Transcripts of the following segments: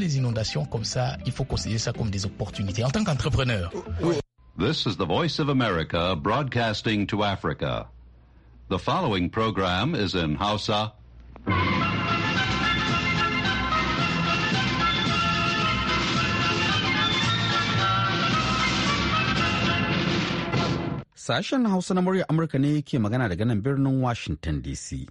Les inondations comme ça, il faut considérer ça comme des opportunités en tant qu'entrepreneur. This is the voice of America broadcasting to Africa. The following program is in Hausa. Sashen Hausa na murya Amurka ne yake magana daga nan birnin Washington DC.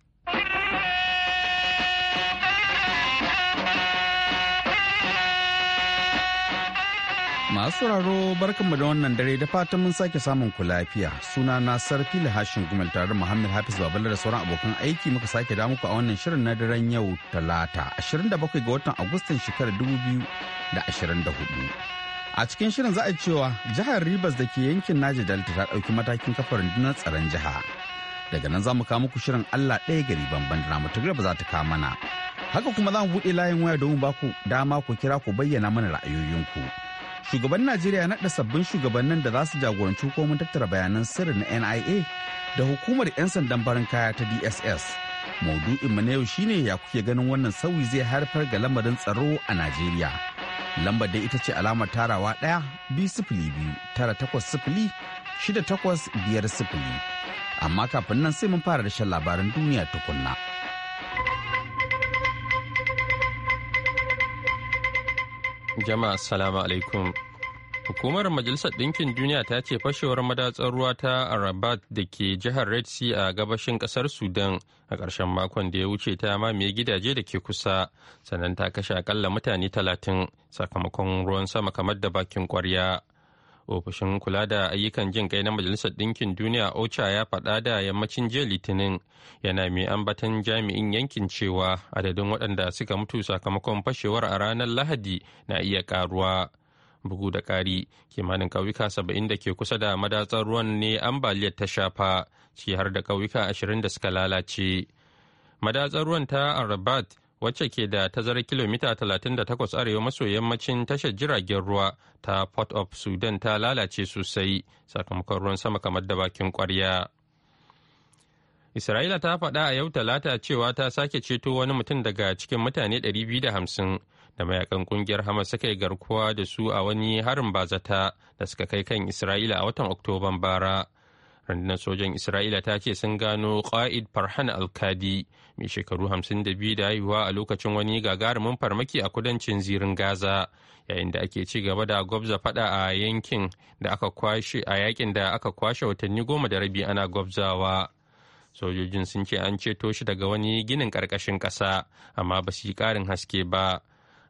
Masu sauraro barkanmu da wannan dare da fatan mun sake samun ku lafiya. Suna na Sarfi Hashin Gumal tare da Muhammad Hafiz Babala da sauran abokan aiki muka sake da muku a wannan shirin na daren yau Talata 27 ga watan Agustan shekarar 2024. A cikin shirin za a cewa jihar Rivers da ke yankin Naja Delta ta ɗauki matakin kafa rundunar tsaron jiha. Daga nan za mu kawo muku shirin Allah ɗaya gari banban da namu ba za ta kawo mana. Haka kuma za mu buɗe layin waya domin ba ku dama ku kira ku bayyana mana ra'ayoyinku. shugaban najeriya naɗa sabbin shugabannin da za su jagoranci hukumar tattara bayanan sirri na nia da hukumar 'yan sandan barin kaya ta dss maudu'in mu na yau shine ya kuke ganin wannan sauyi zai haifar ga lamarin tsaro a najeriya lambar da ita ce alamar tarawa ɗaya biyu sifili biyu tara takwas sifili shida takwas biyar sifili amma kafin nan sai mun fara da shan labaran duniya tukunna. Jama'a salamu alaikum. Hukumar Majalisar Ɗinkin Duniya ta ce fashewar madatsar ruwa ta Arabat da ke jihar Red Sea a gabashin ƙasar Sudan a ƙarshen makon da ya wuce ta mamaye gidaje da ke kusa, sannan ta kashe akalla mutane talatin sakamakon ruwan sama kamar da bakin ƙwarya. ofishin kula da ayyukan jin kai na majalisar ɗinkin duniya ocha ya faɗa da yammacin jiya litinin yana mai ambatan jami'in yankin cewa adadin waɗanda suka mutu sakamakon fashewar a ranar lahadi na iya ƙaruwa bugu da ƙari kimanin ƙauyuka saba'in da ke kusa da madatsar ruwan ne ambaliyar ta shafa ci har da ƙauyuka ashirin da suka lalace madatsar ruwan ta arabat wacce ke da tazarar kilomita 38 arewa maso yammacin tashar jiragen ruwa ta port of sudan ta lalace sosai sakamakon ruwan sama kamar da bakin kwarya isra'ila ta faɗa a yau talata cewa ta sake ceto wani mutum daga cikin mutane 250 da mayakan kungiyar hamas suka yi garkuwa da su a wani harin bazata da suka kai kan isra'ila a watan oktoban bara rundunar sojan isra'ila ta ce sun gano qa'id farhan alkadi mai shekaru 52 da haihuwa a lokacin wani gagarumin farmaki a kudancin zirin gaza yayin da ake ci gaba da gwabza fada a yankin da aka kwashe a yakin da aka kwashe watanni goma da rabi ana gwabzawa sojojin sun ce an ceto shi daga wani ginin ƙarƙashin ƙasa amma ba su yi ƙarin haske ba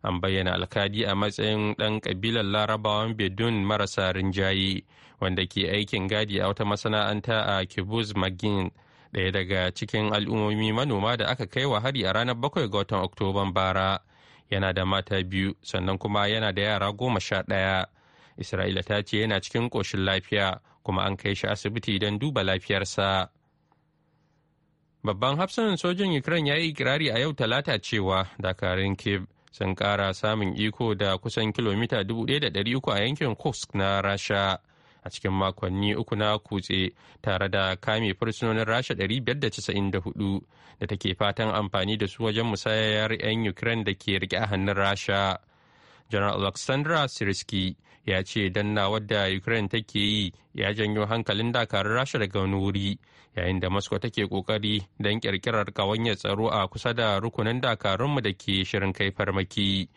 an bayyana alkadi a matsayin ɗan ƙabilar larabawan bedun marasa rinjaye wanda ke aikin gadi a wata masana'anta a kibuz magin ɗaya daga cikin al'ummomi manoma da aka kai wa hari a ranar bakwai ga watan oktoban bara yana da mata biyu sannan kuma yana da yara goma sha ɗaya isra'ila ta ce yana cikin ƙoshin lafiya kuma an kai shi asibiti don duba lafiyarsa babban hafsan sojin ukraine ya yi ikirari a yau talata cewa dakarun kib sun kara samun iko da kusan kilomita 1,300 a yankin kursk na rasha a cikin makonni uku na kutse tare da kame fursunonin rasha 594 da take fatan amfani da su wajen musayar 'yan ukraine da ke rike a hannun rasha General alexandra siriski ya ce danna wadda ukraine take yi ya janyo hankalin dakarun rasha daga wani wuri yayin da moscow take kokari don kirkirar kawanyar tsaro a kusa da rukunin dakarunmu da ke shirin kai farmaki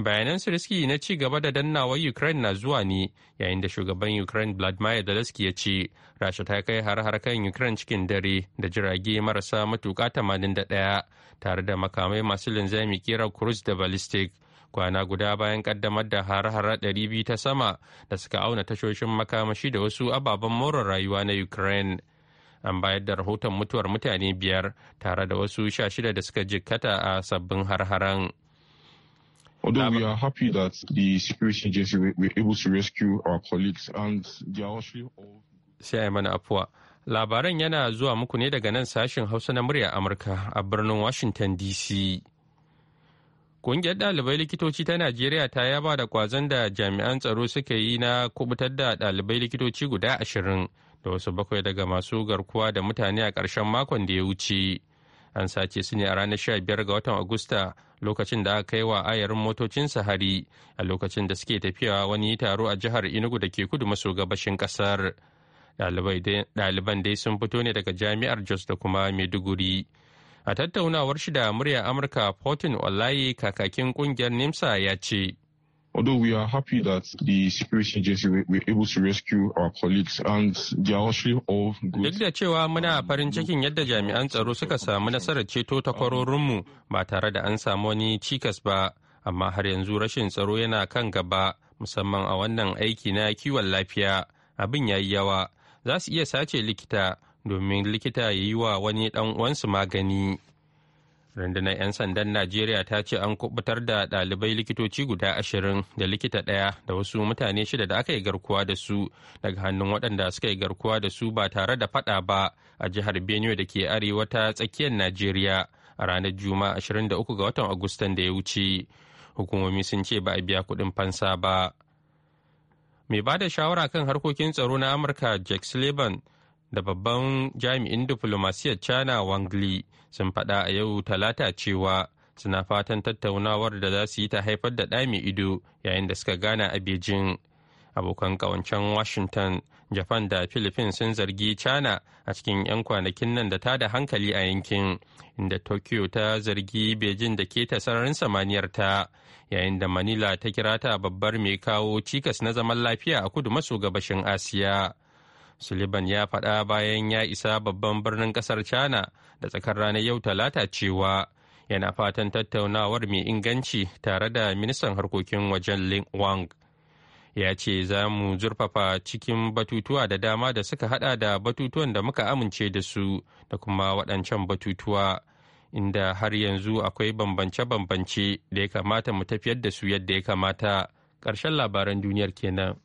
bayanan siriski na ci gaba da dannawar ukraine na zuwa ne yayin da shugaban ukraine vladimir zelensky ya ce rasha ta kai har-har kan ukraine cikin dare da jirage marasa matuka 81 tare da makamai masu linzami kira cruise da ballistic kwana guda bayan kaddamar da har ɗari 200 ta sama da suka auna tashoshin makamashi da wasu ababen more rayuwa na ukraine an bayar da rahoton mutuwar mutane biyar tare da wasu sha shida da suka jikkata a sabbin har-haren. Labaran yana zuwa muku ne daga nan sashen Hausa na murya Amurka a birnin Washington DC. Kungiyar ɗalibai likitoci ta Najeriya ta yaba da kwazon da jami'an tsaro suka yi na kubutar da ɗalibai likitoci guda ashirin da wasu bakwai daga masu garkuwa da mutane a ƙarshen makon da ya wuce. An sace su ne a ranar sha biyar ga watan Agusta lokacin da aka kai wa ayarin motocin sahari a lokacin da suke tafiya wani taro a jihar Enugu da ke kudu maso gabashin ƙasar. Ɗaliban dai sun fito ne daga jami'ar Jos da kuma Maiduguri. a tattaunawar shi da murya amurka fortin wallahi kakakin kungiyar nimsa ya ce although we are happy that the security agency were able to rescue our colleagues and they are actually all good. Duk da cewa muna farin cikin yadda jami'an tsaro suka samu nasarar ceto ta kwarorinmu ba tare da an samu wani cikas ba, amma har yanzu rashin tsaro yana kan gaba musamman a wannan aiki na kiwon lafiya abin yayi yawa za su iya sace likita domin likita ya yi wa wani dan uwansu magani rundunar 'yan sandan najeriya ta ce an kubutar da ɗalibai likitoci guda ashirin da likita ɗaya da wasu mutane shida da aka yi garkuwa da su daga hannun waɗanda suka yi garkuwa da su ba tare da faɗa ba a jihar benue da ke arewa ta tsakiyar najeriya a ranar juma'a 23 ga watan agustan da ya wuce hukumomi sun ce ba a biya kuɗin fansa ba mai bada shawara kan harkokin tsaro na amurka jack sullivan da babban jami'in diflomasiyyar China Wang Li sun faɗa a yau talata cewa suna fatan tattaunawar da za su yi ta haifar da ɗami ido yayin da suka gana a Beijing. Abokan ƙawancen Washington, Japan da Philippines sun zargi China a cikin 'yan kwanakin nan da ta da hankali a yankin, inda Tokyo ta zargi Beijing da ke ta sararin samaniyar ta, yayin da Manila ta kira ta babbar mai kawo cikas na zaman lafiya a kudu maso gabashin Asiya. Sullivan ya faɗa bayan ya isa babban birnin ƙasar China da tsakar ranar yau talata cewa yana fatan tattaunawar mai inganci tare da ministan harkokin wajen Lin Wang. Ya ce za mu zurfafa cikin batutuwa da dama da suka hada da batutuwan da muka amince da su da kuma waɗancan batutuwa inda har yanzu akwai bambance-bambance da ya kamata mu tafiyar da su yadda ya kamata. Ƙarshen labaran duniyar kenan.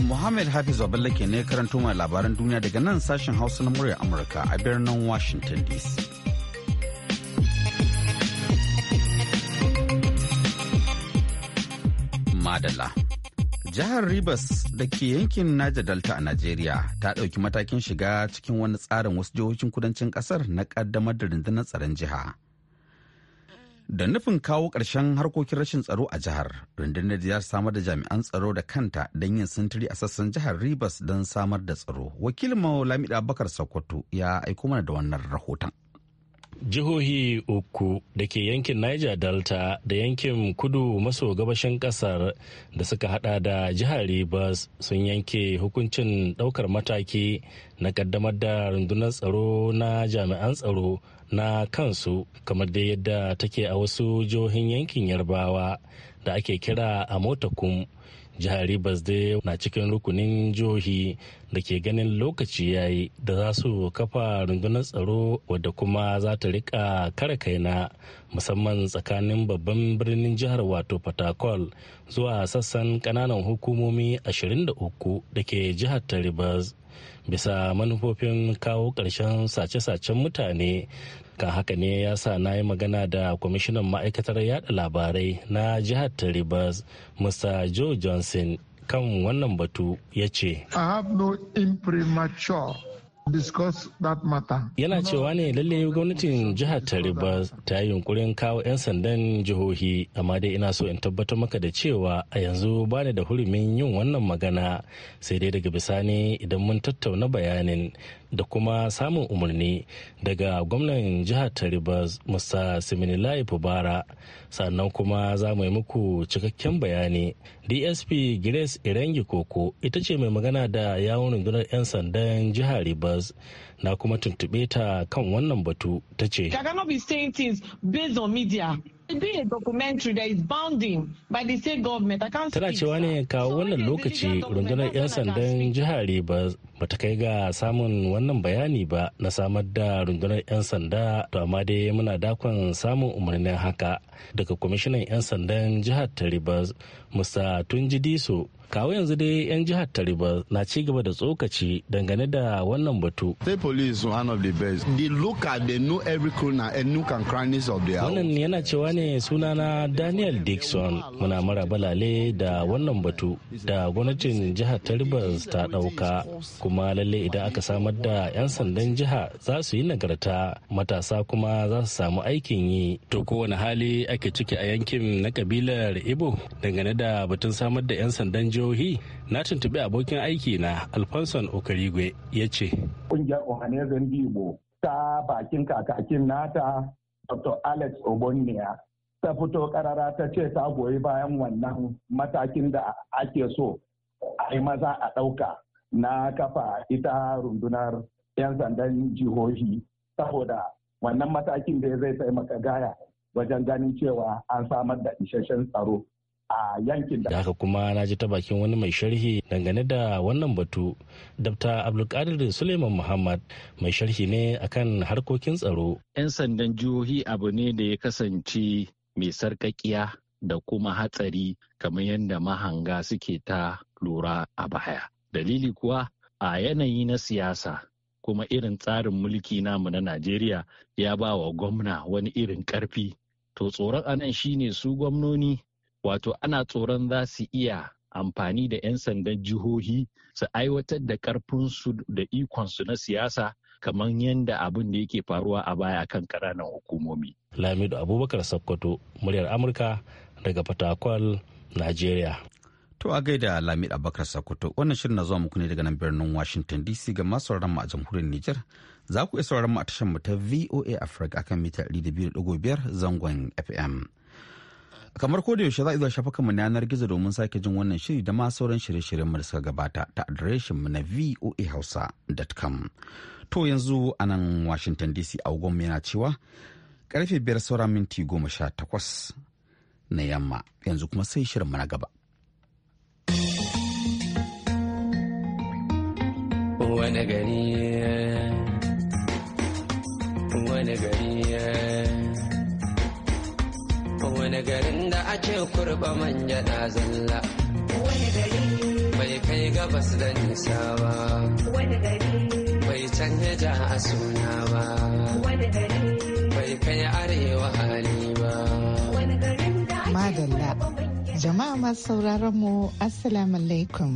Muhammad Hafiz Baballe ke ne karanto mai labaran duniya daga nan sashen Hausa na murya Amurka a birnin Washington DC. Madala. Jihar Ribas, da ke yankin Niger Delta a Najeriya ta ɗauki matakin shiga cikin wani tsarin wasu jihohin kudancin ƙasar na ƙaddamar da rundunar tsaron jiha. Da nufin kawo ƙarshen harkokin rashin tsaro a jihar, rundunar jihar samar da jami'an tsaro da kanta don yin sintiri a sassan jihar Ribas don samar da tsaro. Wakilin Maulamida Bakar Sokoto ya aiko mana da wannan rahoton. Jihohi uku da ke yankin Niger Delta da yankin kudu maso gabashin kasar da suka hada da jihar Rivers sun yanke hukuncin daukar mataki na kaddamar da rundunar tsaro na jami'an tsaro na kansu kamar da yadda take a wasu jihohin yankin Yarbawa da ake kira a motakum jihar rivers dai na cikin rukunin jihohi da ke ganin lokaci yayi da za su kafa rundunar tsaro wadda kuma za ta rika kare kaina musamman tsakanin babban birnin jihar wato fatakol zuwa sassan kananan hukumomi 23 da ke jihar ta rivers bisa manufofin kawo ƙarshen sace-sacen mutane kan haka ne ya sa na yi magana da kwamishinan ma'aikatar yada labarai na jihar taribas musa mr joe johnson kan wannan batu ya ce Yana cewa ne lalle gwamnatin jihar Tariba ta yi yunkurin kawo 'yan sandan jihohi, amma dai ina so in tabbatar maka da cewa a yanzu ba da hurumin yin wannan magana sai dai daga bisani idan mun tattauna bayanin da kuma samun umarni daga gwamnan jihar ta rivers musa siminilayi fubara sannan kuma za mu yi muku cikakken bayani dsp grace irengi koko ita ce mai magana da yawon rundunar 'yan sandan jihar ribas na kuma tuntuɓe ta kan wannan batu ta ce Tana cewa ne kawo wannan lokaci rundunar 'yan sandan jihar ribas ba bata kai ga samun wannan bayani ba na samar da rundunar 'yan sanda to amma dai muna dakon samun umarnin haka daga kwamishinan 'yan sandan jihar ta Rivers Musa Tunji Diso kawo yanzu dai 'yan jihar taribar na ci gaba da tsokaci dangane da wannan batu wannan yana cewa ne suna na daniel dixon muna mara balale da wannan batu da gwamnatin jihar taribas ta dauka kuma lalle idan aka samar da 'yan sandan jiha za su yi nagarta matasa kuma za su samu aikin yi to kowane hali ake ciki a yankin na kabilar ibo dangane da batun samar da 'yan sandan jiha jihohi na tuntuɓi abokin aiki na alfonson okarigwe ya ce ƙungiyar ohanezen bibo ta bakin kakakin nata dr alex obonia ta fito karara ta ce ta goyi bayan wannan matakin da ake so a yi maza a ɗauka na kafa ita rundunar 'yan sandan jihohi saboda wannan matakin da zai taimaka gaya wajen ganin cewa an samar da isasshen tsaro a yankin da haka kuma na ji ta bakin wani mai sharhi dangane da wannan batu dabta abdulkadir suleiman muhammad mai sharhi ne akan harkokin tsaro yan sandan jihohi abu ne da ya kasance mai sarkakiya da kuma hatsari kamar yadda mahanga suke ta lura a baya dalili kuwa a yanayi na siyasa kuma irin tsarin mulki namu na Najeriya ya ba wa gwamna wani irin karfi. To tsoron anan shine su gwamnoni wato ana tsoron za su iya amfani da 'yan sandan jihohi su aiwatar da karfinsu da ikonsu na siyasa kamar yadda abin da yake faruwa a baya kan ƙananan hukumomi. Lamido Abubakar Sokoto, muryar Amurka daga Fatakwal, Najeriya. To a gaida Lamido Abubakar Sokoto, wannan shirin na zuwa muku ne daga nan birnin Washington DC ga masu a jamhuriyar Nijar. Za ku iya sauraron mu a tashar mu ta VOA Africa akan mita 200.5 zangon FM. kamar ko da yaushe za a zuwa shafukan mu yanar gizo domin sake jin wannan shiri da ma sauran shirye-shiryen da suka gabata ta adireshin mu na voahausa.com to yanzu a nan washington dc a mu yana cewa karfe biyar saura minti goma sha takwas na yamma yanzu kuma sai shirin na gaba wani gari wani gari wani garin da ake kurba manja na zalla wani gari bai kai gabas da nisa ba wani gari bai canje ja a suna ba wani gari bai kai arewa hali ba wani da madalla jama'a masu sauraron mu assalamu alaikum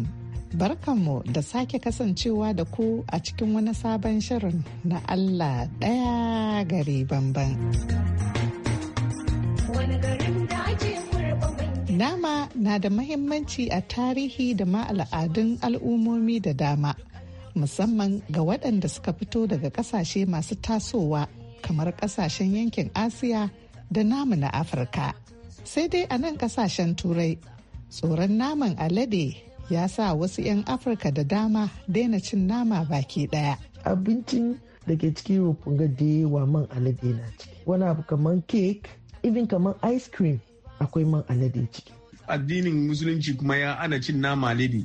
Barkanmu da sake kasancewa da ku a cikin wani sabon shirin na Allah ɗaya gari bamban. Nama na da mahimmanci a tarihi da ma al'adun al'ummomi da dama, musamman ga waɗanda suka fito daga ƙasashe masu tasowa kamar ƙasashen yankin Asiya da namu na Afirka. Sai dai a nan ƙasashen Turai, tsoron naman alade ya sa wasu 'yan Afirka da dama daina cin nama baki ɗaya. Abincin da ke cikin da yawa man alade na ciki. Wani abu kamar kek even kamar ice cream akwai man alade ciki addinin musulunci kuma ya ana cin nama alade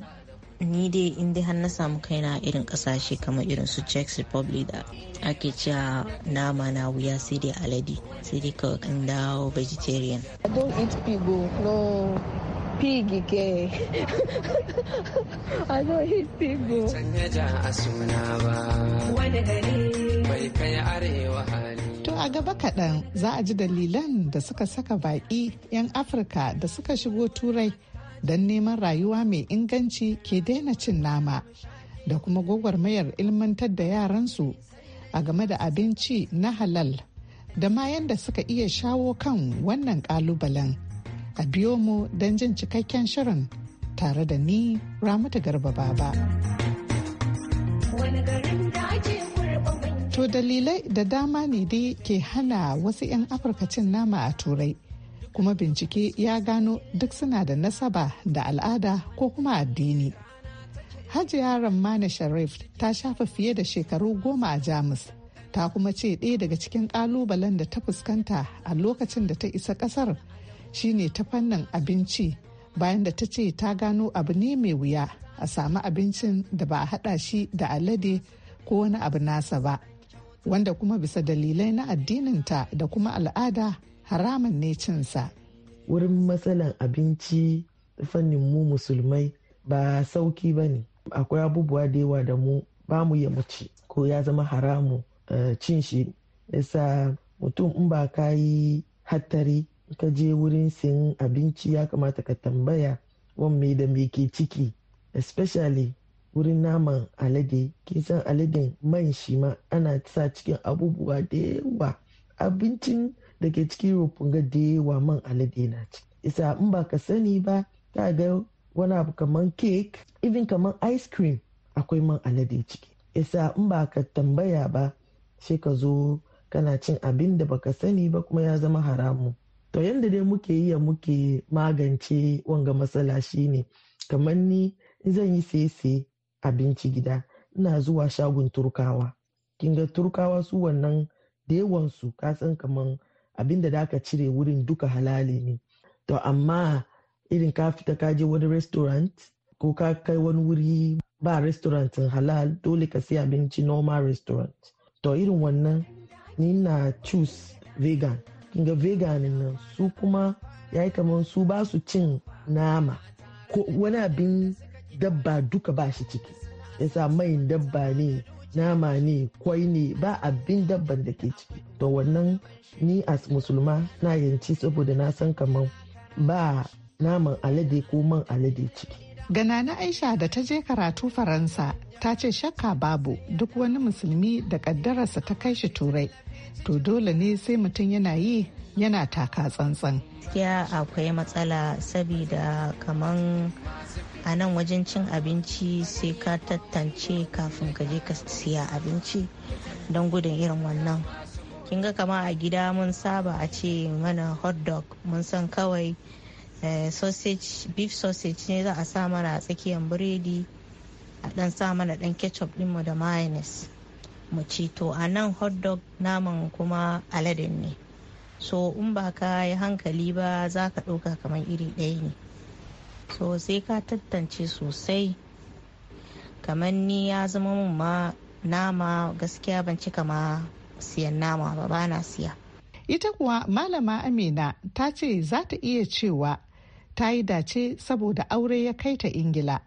ni dai in dai har na samu kaina irin kasashe kamar irin su czech republic da ake cewa nama na wuya sai dai alade sai dai kawai kan dawo vegetarian i don't eat pig oh. no pig ke i don't eat pig canja oh. a suna ba wani gari bai kai arewa a gaba kaɗan za a ji dalilan da suka saka baƙi 'yan Afirka da suka shigo Turai don neman rayuwa mai inganci ke daina cin nama da kuma gwagwarmayar ilmantar da yaransu a game da abinci na halal da ma yadda suka iya shawo kan wannan ƙalubalen. A biyo mu don jin cikakken shirin tare da ni Ramatu Garba Baba. Wani garin da ake To dalilai da dama ne dai ke hana wasu 'yan Afirka cin nama a Turai. Kuma bincike ya gano duk suna da nasaba da al'ada ko kuma addini. Hajiya Rammana Sharif ta shafa fiye da shekaru goma a Jamus. Ta kuma ce ɗaya daga cikin ƙalubalen da ta fuskanta a lokacin da ta isa ƙasar shine ta fannin abinci bayan da ta ce ta gano abu ne mai wuya a sami abincin da ba a haɗa shi da alade ko wani abu nasa ba. wanda kuma bisa dalilai na addininta da kuma al'ada haramun ne cinsa. Wurin matsalan abinci fannin mu musulmai ba sauki ba ne. Akwai abubuwa da yawa da mu ba mu ya mace ko ya zama haramu eh, cin shi. Yasa mutum in ba ka yi hattari ka je wurin sayan abinci ya kamata ka tambaya wan me da me ke ciki especially wurin naman alade kin san aladen man shi ma ana sa cikin abubuwa da yawa abincin da ke cikin ga da yawa man alade na ci isa in ba ka sani ba ta ga wani abu kamar cake even kamar ice cream akwai man alade ciki isa in ba ka tambaya ba sai ka zo kana cin abin da baka sani ba kuma ya zama haramu to yanda dai muke yi muke magance wanga matsala shine kamar ni zan yi sese abinci gida ina zuwa shagon turkawa kinga turkawa su wannan da yawansu kasan kaman abin da aka cire wurin duka halali ne to amma irin ka fita ka je wani restaurant ko ka kai wani wuri ba restaurant halal dole ka sai abinci normal restaurant to irin wannan ni na choose vegan kinga vegan nan su kuma yayi yi kamar su ba su cin nama ko wani abin dabba duka ba shi ciki yasa mai dabba ne nama ne kwai ne ba abin dabban da ke ciki to wannan ni as musulma na yanci saboda na san kamar ba naman alade ko man alade ciki Ganana Aisha da ta je karatu Faransa ta ce shakka babu duk wani musulmi da kaddararsa ta kai shi turai. To dole ne sai mutum yana yi yana taka tsantsan. Gaskiya akwai matsala sabida kaman a nan wajen cin abinci sai ka tattance kafin ka je ka siya abinci don gudun irin wannan kin ga kama a gida mun saba a ce mana hot dog mun san kawai eh, sausage beef sausage ne za a sa mana a tsakiyar biredi a dan sa mana dan ketchup dinmu da mayonnaise mu ci to a nan hot dog naman kuma aladen ne so in ba ka yi hankali ba za ka ɗauka kamar iri ɗaya ne so sai ka tantance sosai kamar ni ya zama mun ma nama gaskiya ban cika ma siyan nama ba ba na siya ita kuwa malama amina ta ce za ta iya cewa ta yi dace saboda aure ya kai ta ingila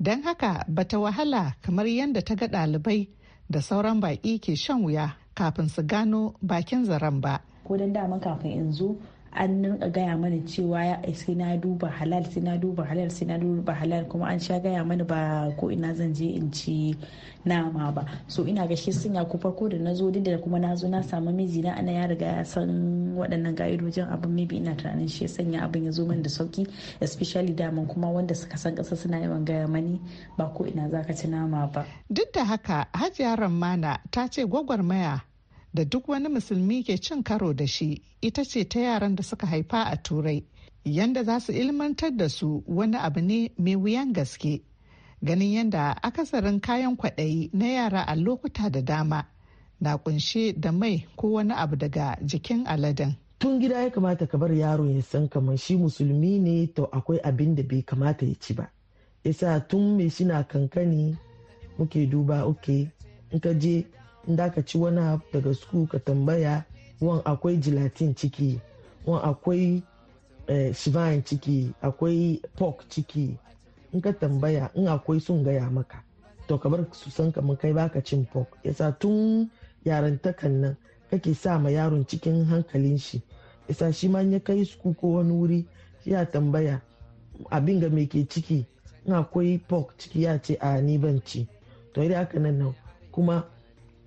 don haka bata wahala kamar yadda ta ga ɗalibai da sauran baƙi ke shan wuya kafin su gano bakin zaren ba. ko dan dama kafin in zo an ninka gaya mana cewa eh, sai na duba halal sai na duba halal sai na duba halal kuma an sha gaya mana ba ko ina zan je in ci nama ba so ina ga shi sun ko farko da nazo zo da kuma nazo na samu miji na ana ya riga ya san waɗannan ga'idojin abin maybe ina tunanin shi sanya abin ya zo mana da sauki especially daman kuma wanda suka san ƙasa suna yawan gaya mani ba ko ina zaka ci nama ba duk da haka hajiya ramana ta ce gwagwarmaya da duk wani musulmi ke cin karo da shi ita ce ta yaran da suka haifa a turai yanda za su ilmantar da su wani abu ne mai wuyan gaske ganin yanda akasarin kayan kwaɗayi na yara a lokuta da dama na kunshe da mai ko wani abu daga jikin aladen. tun gida ya kamata ka bar yaro ya san kamar shi musulmi ne to akwai abin da bai kamata ya ci ba yasa tun mai shina kankani muke duba ok in ka je in da ka ci wani abu daga suku ka tambaya wan akwai gelatin ciki wan akwai eh, shivan ciki akwai pork ciki in ka tambaya in akwai sun gaya maka to kamar su san kamar kai baka cin pork yasa tun yarantakan nan kake sa ma yaron cikin hankalin shi yasa shi ma ya kai suku ko wani wuri ya tambaya abin ga me ke ciki in akwai pork ciki ya ce a ni ban ci to idan aka nan kuma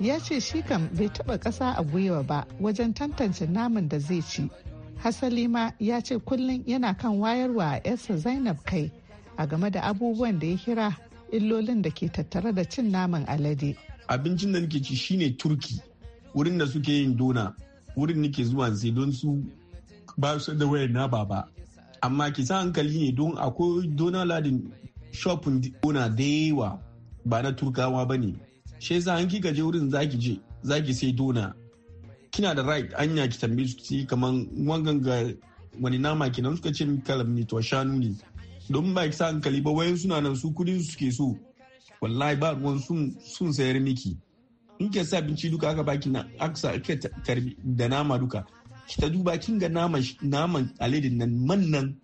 ya ce shi kam bai taba ƙasa a gwiwa ba wajen tantance naman da zai ci hasali ma ya ce kullum yana kan wayarwa a yarsa zainab kai a game da abubuwan da ya hira illolin da ke tattare da cin naman alade abincin da nake ci shine turki wurin da suke yin dona wurin nake zuwa sai don su ba su da wayar na ba amma ki sa hankali ne don akwai dona ladin shopin dona da yawa ba na turkawa ba ne shi yasa an kika je wurin zaki je zaki sai dona kina da right anya ki tambi su kaman wani nama kenan suka ce min kalam ne to shanu ne don ba ki sa hankali ba wayan suna nan su kudin su ke so wallahi ba ruwan sun sun sayar miki in ke sa abinci duka aka baki na aksa ke tarbi da nama duka ki ta duba kin ga naman naman aledin nan man nan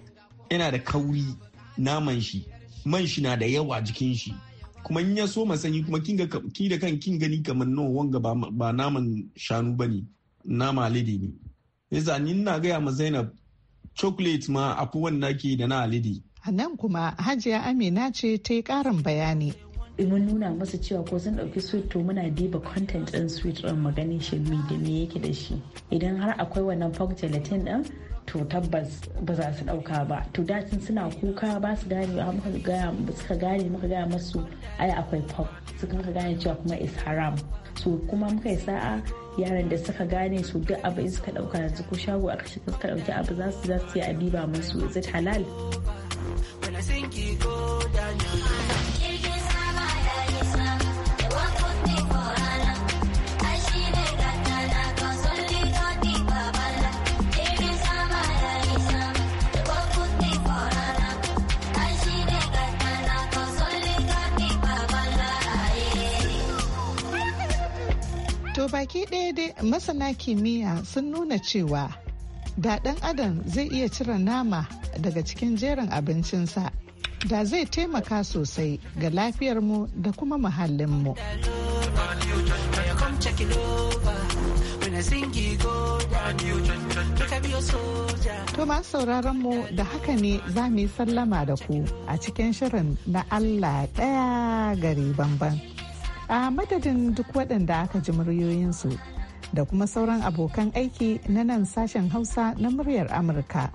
yana da kauri naman shi man shi na da yawa jikin shi kuma in ya so sanyi kuma ki da kan kin gani kamar nawa wanga ba naman shanu ba ne nama alade ne yasa ni na gaya ma zainab chocolate ma akwai wanda ke da na alade a nan kuma hajiya amina ce ta yi karin bayani in mun nuna masa cewa ko sun ɗauki sweet to muna diba content ɗin sweet ɗin maganin shi da me yake da shi idan har akwai wannan fog gelatin ɗin to tabbas ba za su ɗauka ba to dacin suna kuka ba su gane a muka gaya suka gane muka gaya masu ai akwai pop suka gane cewa kuma is haram so kuma muka yi sa'a yaran da suka gane su duk abu in suka dauka yanzu ko shago aka shiga suka dauki abu za su za su yi abiba musu is it halal baki ɗaya dai masana kimiyya sun nuna cewa da ɗan adam zai iya cire nama daga cikin jerin abincinsa da zai taimaka sosai ga lafiyarmu da kuma muhallinmu. To masu sauraron mu da haka ne za mu yi sallama da ku a cikin shirin na Allah ɗaya gari bamban. a madadin duk waɗanda aka ji muryoyinsu da kuma sauran abokan aiki na nan sashen hausa na muryar amurka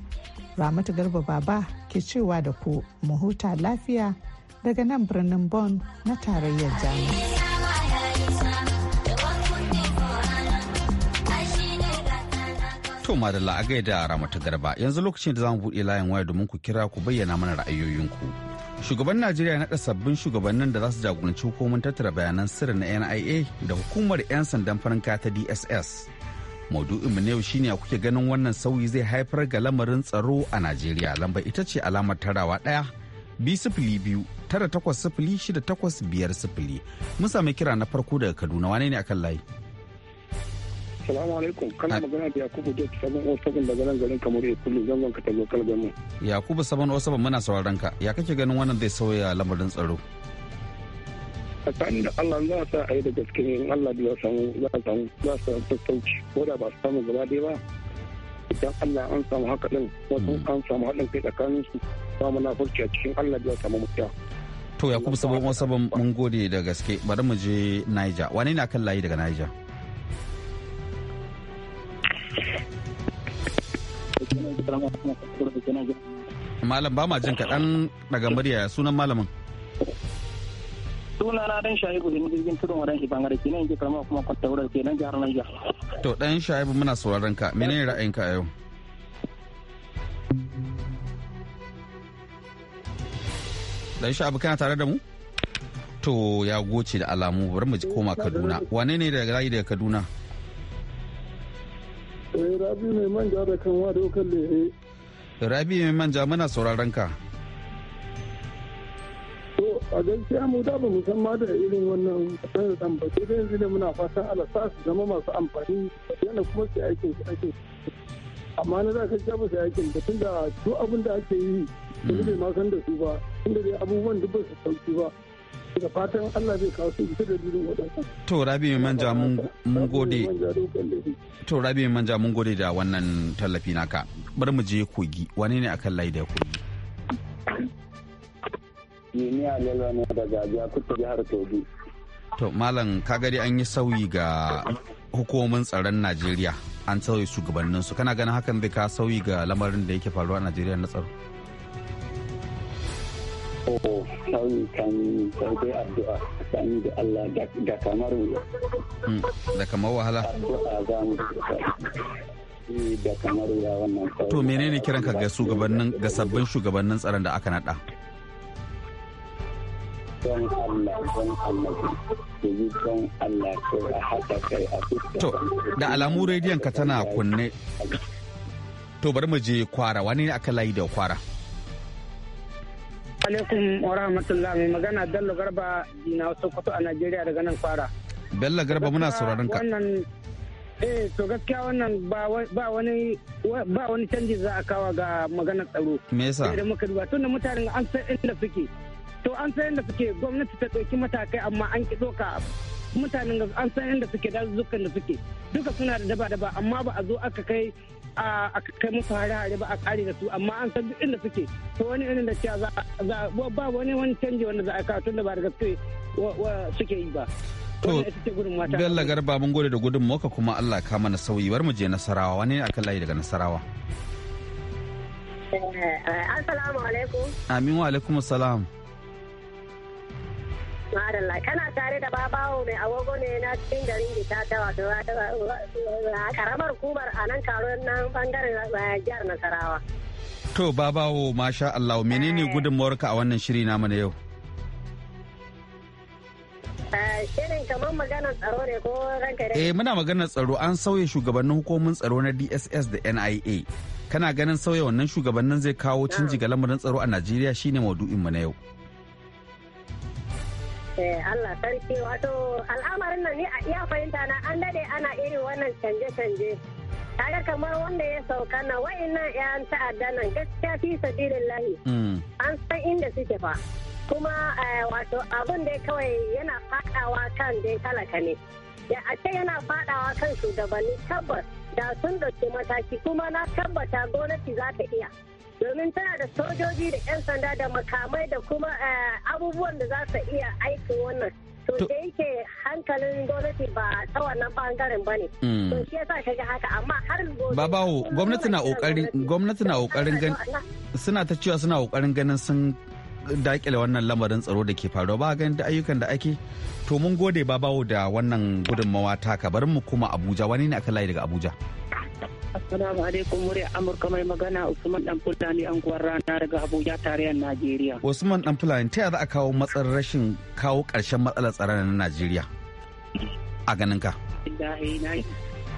ramatu garba baba ke cewa da ku mu huta lafiya daga nan birnin Bon na tarayyar jamus To madalla a gaida ramata garba yanzu lokacin da za mu buɗe layin waya domin ku kira ku bayyana mana ra'ayoyinku. Shugaban Najeriya naɗa sabbin shugabannin da za su jagoranci hukumar tattara bayanan sirri na NIA da hukumar 'yan sandan faranka ta DSS. Maudu'in mu na yau shine kuke ganin wannan sauyi zai haifar ga lamarin tsaro a Najeriya lambar ita ce alamar tarawa ɗaya bi sifili biyu tara takwas sifili shida takwas biyar sifili. Mun sami kira na farko daga Kaduna wane ne akan layi? Assalamu alaikum kana magana da Yakubu Jet 707 daga nan garin kamar ya kullu zangon ka tazo kalgan mu. Yakubu sabon 707 muna sauraron ka. Ya kake ganin wannan zai sauya lamarin tsaro? A tsanin da Allah za a sa a yi da gaske in Allah da samu za a samu za a samu sassauci ko da ba su samu gaba dai ba idan Allah an samu haka din wasu hmm. an samu haɗin kai tsakanin su ba mu na furci a cikin Allah da samu mutuwa. To Yakubu sabon wasu oh mun gode da gaske bari mu je Niger wani na kan layi daga Niger. Malam ba ma jin kaɗan daga murya sunan malamin. Suna na ɗan Shaibu ne jirgin turin wa dan shi bangare ke nan yake karama kuma kwantawar ke nan jihar Niger. To dan Shaibu muna sauraron ka mene ne ra'ayinka a yau? Dan Shaibu kana tare da mu? To ya goce da alamu bari mu koma Kaduna. Wane ne daga rayu daga Kaduna? Eh Rabi mai manja da kanwa da lehe. Rabi mai manja muna sauraron ka. To a gaskiya mu da ba mu san ma da irin wannan sanar dan ba sai yanzu ne muna fatan Allah su zama masu amfani yana kuma su aikin su aikin. Amma na da gaskiya ba su aikin ba da duk abin da ake yi. Ba ma san da su ba tunda dai abubuwan duk ba su sauki ba. da fatan Allah zai kawo su da dalilin waɗansu. To Rabi Manja mun gode. To Rabi Manja mun gode da wannan tallafi naka. Bari mu je kogi wane ne akan layi da kogi? Yini Alela ne daga Jakuta jihar Kogi. To Malam ka gari an yi sauyi ga hukumomin tsaron Najeriya an sauya shugabanninsu kana ganin hakan zai ka sauyi ga lamarin da yake faruwa a Najeriya na tsaro? Oh, sauyi kan sauƙi addu'a sani da Allah da kamar hmm, Da kamar wahala? Addu'a za mu da kamar wuya wannan sauƙi. To menene kiran ka ga shugabannin ga sabbin shugabannin tsaron da aka naɗa? Don Allah, don Allah, yi don Allah ko a haɗa kai a To, da alamu rediyon ka tana kunne. To bari mu je kwara, wani ne aka layi da kwara? alaikum wa rahmatullah mai magana Bello Garba na Sokoto a Najeriya daga nan fara. Bello Garba muna sauraron ka. Wannan eh to gaskiya wannan ba wani ba wani canji za a kawo ga maganar tsaro. Me yasa? Da muka duba da mutanen an san inda suke. To an san inda suke gwamnati ta ɗauki matakai amma an ki doka mutanen an san inda suke zukan da suke duka suna da daba-daba amma ba a zo aka kai a kai musu hare-hare ba a kare da su amma an san duk inda suke to wani irin da cewa za ba wani wani canji wanda za a kawo tun da ba da gaske suke yi ba. To, Bello Garba mun gode da gudun moka kuma Allah kama na sauyi bar mu je Nasarawa wani ne aka layi daga Nasarawa? Eh, eh, assalamu alaikum. Amin wa alaikum salam. Madalla kana tare da babawo mai agogo ne na cikin garin gita ta wato karamar kumar a nan karo nan bangaren jihar Nasarawa. To babawo masha Allah menene eh. gudunmawarka a wannan shiri namu na yau? Eh, shirin kamar maganar tsaro ne ko ranka Eh muna maganar tsaro an sauya shugabannin hukumomin tsaro na DSS da NIA. Kana ganin sauya wannan shugabannin zai kawo canji ah. ga lamarin tsaro a Najeriya shine maudu'in mu na yau. Eh, Allah sarki wato al'amarin nan ni fahimta na an dade ana irin wannan canje-canje. Kaga kamar wanda ya sauka na wa'innan 'yan ta'adda nan gaskiya fi lahi. Mm. An san inda suke fa. Kuma eh, wato abin da kawai yana fadawa kan dai talaka ne. Da a ce yana fadawa kan shugabanni tabbas da sun dauki mataki kuma na tabbata gwamnati za ta iya. domin tana da sojoji da 'yan sanda da makamai da kuma eh, abubuwan da za su iya aikin wannan to da yake hankalin gwamnati ba ta wannan bangaren ba ne hmm. to shi yasa ka haka amma har babawo gwamnati na kokarin gwamnati na kokarin suna ta cewa suna kokarin ganin sun dakile wannan lamarin tsaro da ke faruwa ba ganin da ayyukan da ake to mun gode babawo da wannan gudunmawa taka bari mu kuma abuja wani ne aka layi daga abuja Assalamu alaikum murya Amurka mai magana Usman Dan Fulani an rana daga Abuja tarayyar Najeriya. Usman Dan Fulani ta za a kawo matsar rashin kawo ƙarshen matsalar tsaron na Najeriya? A ganin ka.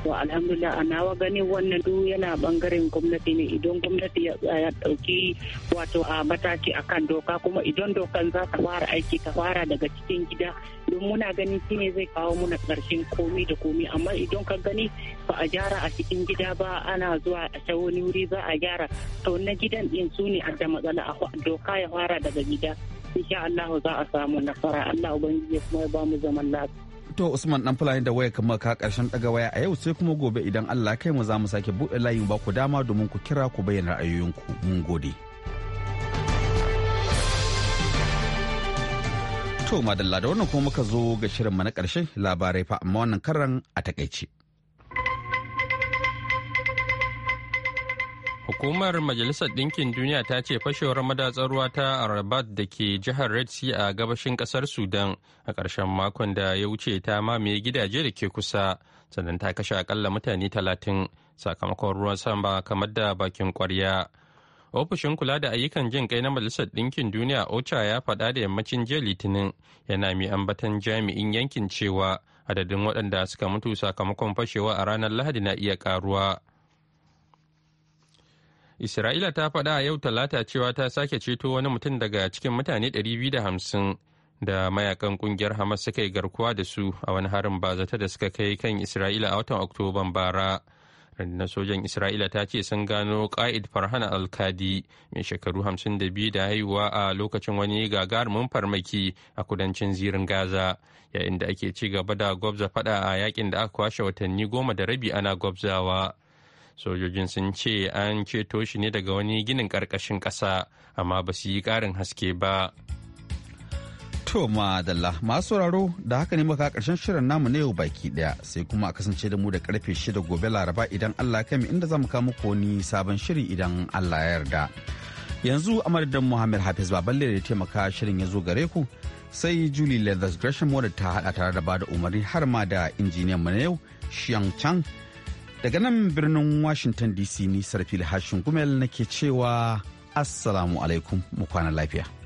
to alhamdulillah a nawa ganin wannan duk yana bangaren gwamnati ne idan gwamnati ya dauki wato a mataki kan doka kuma idan dokan za ta fara aiki ta fara daga cikin gida don muna ganin shi ne zai kawo muna karshen komi da komi amma idan ka gani ba a gyara a cikin gida ba ana zuwa a ta wuri za a gyara to na gidan din su ne a matsala a doka ya fara daga gida insha Allah za a samu nasara Allah ubangiji kuma ya ba mu zaman lafiya To Usman dan fulani da waya kamar ka karshen daga waya a yau sai kuma gobe idan Allah kai mu za mu sake bude layin ba ku dama domin ku kira ku bayyana ra'ayoyinku. Mun gode. To madalla da wannan kuma muka zo ga shirin mu na karshe labarai fa amma wannan karan a takaice. Hukumar Majalisar Ɗinkin Duniya ta ce fashewar madatsar ruwa ta Rabat da ke jihar Red Sea a gabashin ƙasar Sudan a ƙarshen makon da ya wuce ta mamaye gidaje da ke kusa sannan ta kashe akalla mutane talatin sakamakon ruwan sama kamar da bakin ƙwarya. Ofishin kula da ayyukan jin kai na Majalisar Ɗinkin Duniya OCHA ya faɗa da yammacin jiya Litinin yana mai ambaton jami'in yankin cewa adadin waɗanda suka mutu sakamakon fashewa a ranar Lahadi na iya ƙaruwa. Isra'ila ta faɗa a yau talata cewa ta sake ceto wani mutum daga cikin mutane 250 da mayakan kungiyar Hamas suka yi garkuwa da su a wani harin bazata da suka kai kan Isra'ila a watan Oktoban bara. rundunar sojan isra'ila ta ce sun gano ka'id Farhan alkadi mai shekaru 52 da haihuwa a lokacin wani gagarumin farmaki a kudancin zirin gaza yayin da ake ci gaba da gwabza faɗa a yakin da aka kwashe watanni goma da rabi ana gwabzawa sojojin sun ce an ceto shi ne daga wani ginin karkashin kasa amma ba su yi ƙarin haske ba to madalla masu sauraro da haka ne muka ƙarshen shirin namu na yau baki ɗaya sai kuma a kasance da mu da karfe shida gobe laraba idan allah kai inda za mu kawo muku wani sabon shiri idan allah ya yarda yanzu a madadin muhammad hafiz baballe da ya taimaka shirin ya zo gare ku sai julie leathers gresham wadda ta hada tare da bada umarni har ma da injiniyan mu na yau shiang chang Daga nan birnin Washington DC ni Sarfil Hashin Gumel nake cewa Assalamu alaikum mu kwana lafiya.